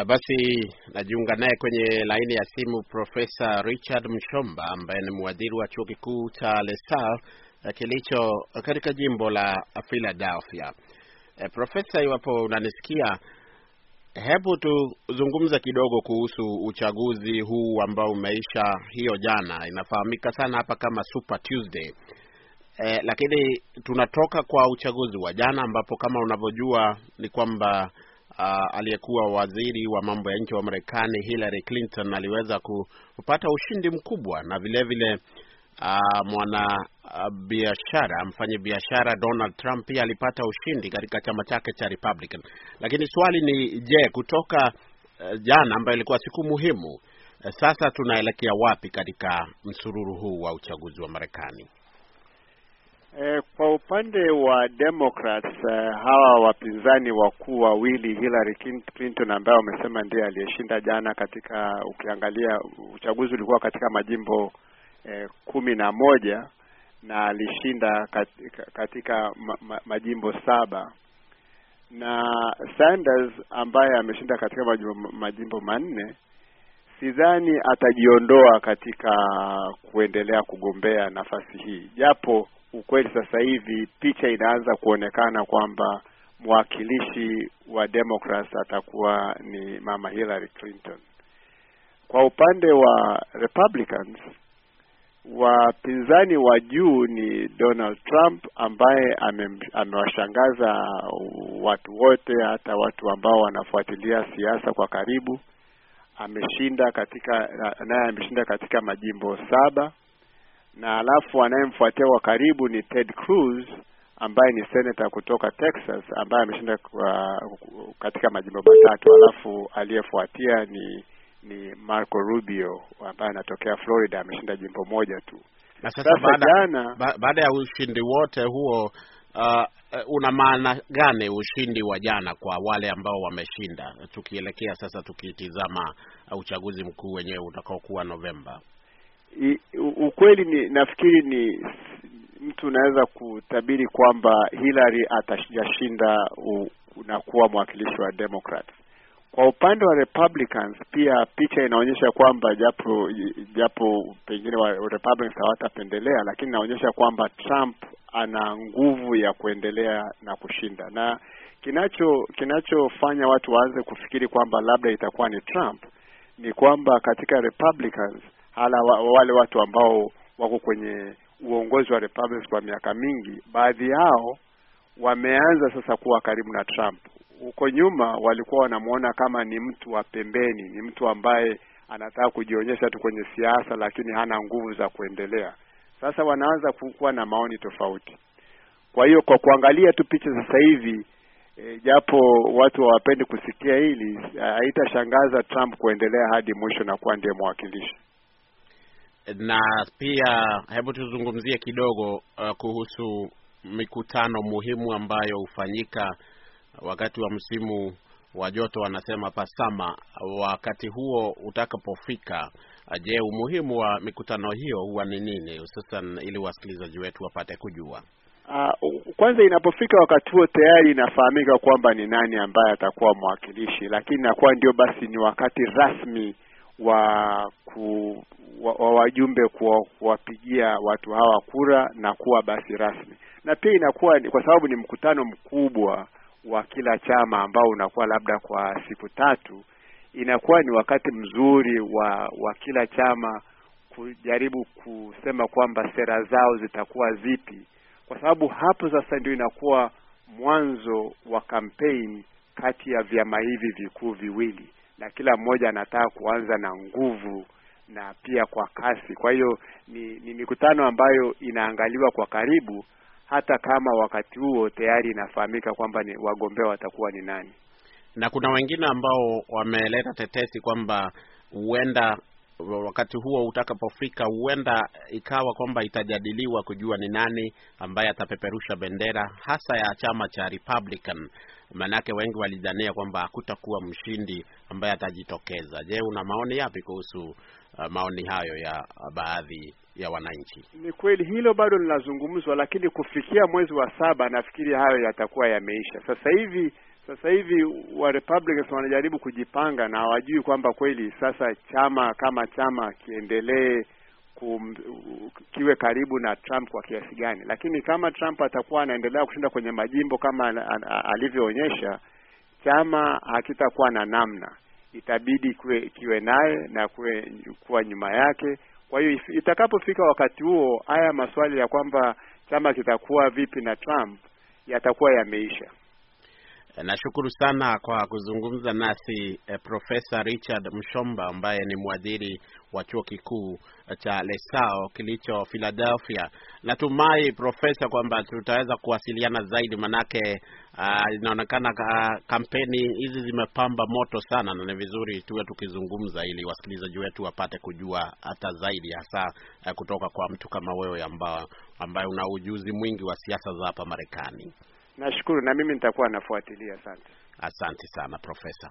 Ah, basi najiunga naye kwenye laini ya simu Profesa Richard Mshomba ambaye ni mwadhiri wa chuo kikuu cha Lesar eh, kilicho katika jimbo la Philadelphia. E, Profesa, iwapo unanisikia, hebu tuzungumze kidogo kuhusu uchaguzi huu ambao umeisha hiyo jana, inafahamika sana hapa kama Super Tuesday. E, lakini tunatoka kwa uchaguzi wa jana ambapo kama unavyojua ni kwamba uh, aliyekuwa waziri wa mambo ya nje wa Marekani Hillary Clinton aliweza kupata ushindi mkubwa na vilevile vile, uh, mwana uh, biashara mfanye biashara Donald Trump pia alipata ushindi katika chama chake cha Republican. Lakini swali ni je, kutoka uh, jana ambayo ilikuwa siku muhimu, uh, sasa tunaelekea wapi katika msururu huu wa uchaguzi wa Marekani? E, kwa upande wa Democrats e, hawa wapinzani wakuu wawili Hillary Clinton ambaye wamesema ndiye aliyeshinda jana katika, ukiangalia uchaguzi ulikuwa katika majimbo e, kumi na moja na alishinda katika, katika ma, ma, majimbo saba na Sanders ambaye ameshinda katika majimbo, majimbo manne sidhani atajiondoa katika kuendelea kugombea nafasi hii japo ukweli sasa hivi picha inaanza kuonekana kwamba mwakilishi wa Democrats atakuwa ni mama Hillary Clinton. Kwa upande wa Republicans, wapinzani wa juu ni Donald Trump ambaye amewashangaza watu wote, hata watu ambao wanafuatilia siasa kwa karibu. Ameshinda katika naye ameshinda katika majimbo saba na alafu anayemfuatia wa karibu ni Ted Cruz ambaye ni senata kutoka Texas ambaye ameshinda uh, katika majimbo matatu, alafu aliyefuatia ni ni Marco Rubio ambaye anatokea Florida ameshinda jimbo moja tu. Na sasa, sasa baada, jana baada ya ushindi wote huo uh, uh, una maana gani ushindi wa jana kwa wale ambao wameshinda, tukielekea sasa tukitizama uh, uchaguzi mkuu wenyewe utakaokuwa Novemba? I, ukweli ni nafikiri ni mtu unaweza kutabiri kwamba Hillary atajashinda na kuwa mwakilishi wa Democrat. Kwa upande wa Republicans pia picha inaonyesha kwamba japo japo pengine wa Republicans hawatapendelea, lakini inaonyesha kwamba Trump ana nguvu ya kuendelea na kushinda, na kinacho kinachofanya watu waanze kufikiri kwamba labda itakuwa ni Trump ni kwamba katika Republicans hala wa, wale watu ambao wako kwenye uongozi wa Republicans kwa miaka mingi, baadhi yao wameanza sasa kuwa karibu na Trump. Huko nyuma walikuwa wanamuona kama ni mtu wa pembeni, ni mtu ambaye anataka kujionyesha tu kwenye siasa, lakini hana nguvu za kuendelea. Sasa wanaanza kuwa na maoni tofauti. Kwa hiyo kwa kuangalia tu picha sasa hivi e, japo watu hawapendi kusikia hili, eh, haitashangaza Trump kuendelea hadi mwisho na kuwa ndiye mwakilishi na pia hebu tuzungumzie kidogo uh, kuhusu mikutano muhimu ambayo hufanyika wakati wa msimu wa joto, wanasema pasama. Wakati huo utakapofika, uh, je, umuhimu wa mikutano hiyo huwa ni nini, hususan ili wasikilizaji wetu wapate kujua? Uh, kwanza inapofika wakati huo tayari inafahamika kwamba ni nani ambaye atakuwa mwakilishi, lakini nakuwa ndio basi ni wakati rasmi wa ku wa, wa wajumbe kuwapigia watu hawa kura na kuwa basi rasmi, na pia inakuwa kwa sababu ni mkutano mkubwa wa kila chama ambao unakuwa labda kwa siku tatu, inakuwa ni wakati mzuri wa wa kila chama kujaribu kusema kwamba sera zao zitakuwa zipi, kwa sababu hapo sasa ndio inakuwa mwanzo wa kampeni kati ya vyama hivi vikuu viwili, na kila mmoja anataka kuanza na nguvu na pia kwa kasi. Kwa hiyo ni, ni mikutano ambayo inaangaliwa kwa karibu, hata kama wakati huo tayari inafahamika kwamba ni wagombea watakuwa ni nani. Na kuna wengine ambao wameleta tetesi kwamba huenda wakati huo utakapofika, huenda ikawa kwamba itajadiliwa kujua ni nani ambaye atapeperusha bendera hasa ya chama cha Republican. Maanake wengi walidhania kwamba hakutakuwa mshindi ambaye atajitokeza. Je, una maoni yapi kuhusu Uh, maoni hayo ya uh, baadhi ya wananchi. Ni kweli hilo bado linazungumzwa, lakini kufikia mwezi wa saba nafikiri hayo yatakuwa yameisha. Sasa hivi sasa hivi wa Republicans wanajaribu kujipanga na hawajui kwamba kweli sasa chama kama chama kiendelee kum, kiwe karibu na Trump kwa kiasi gani, lakini kama Trump atakuwa anaendelea kushinda kwenye majimbo kama alivyoonyesha, chama hakitakuwa na namna itabidi kwe, kiwe naye na kwe, kuwa nyuma yake. Kwa hiyo itakapofika wakati huo, haya maswali ya kwamba chama kitakuwa vipi na Trump yatakuwa yameisha. Nashukuru sana kwa kuzungumza nasi eh, Profesa Richard Mshomba ambaye ni mwadhiri wa chuo kikuu eh, cha Lesao kilicho Philadelphia. Natumai Profesa kwamba tutaweza kuwasiliana zaidi, manake uh, inaonekana uh, kampeni hizi zimepamba moto sana, na ni vizuri tuwe tukizungumza ili wasikilizaji wetu wapate kujua hata zaidi, hasa uh, kutoka kwa mtu kama wewe ambaye una ujuzi mwingi wa siasa za hapa Marekani. Nashukuru na mimi nitakuwa nafuatilia. Asante, asante sana Profesa.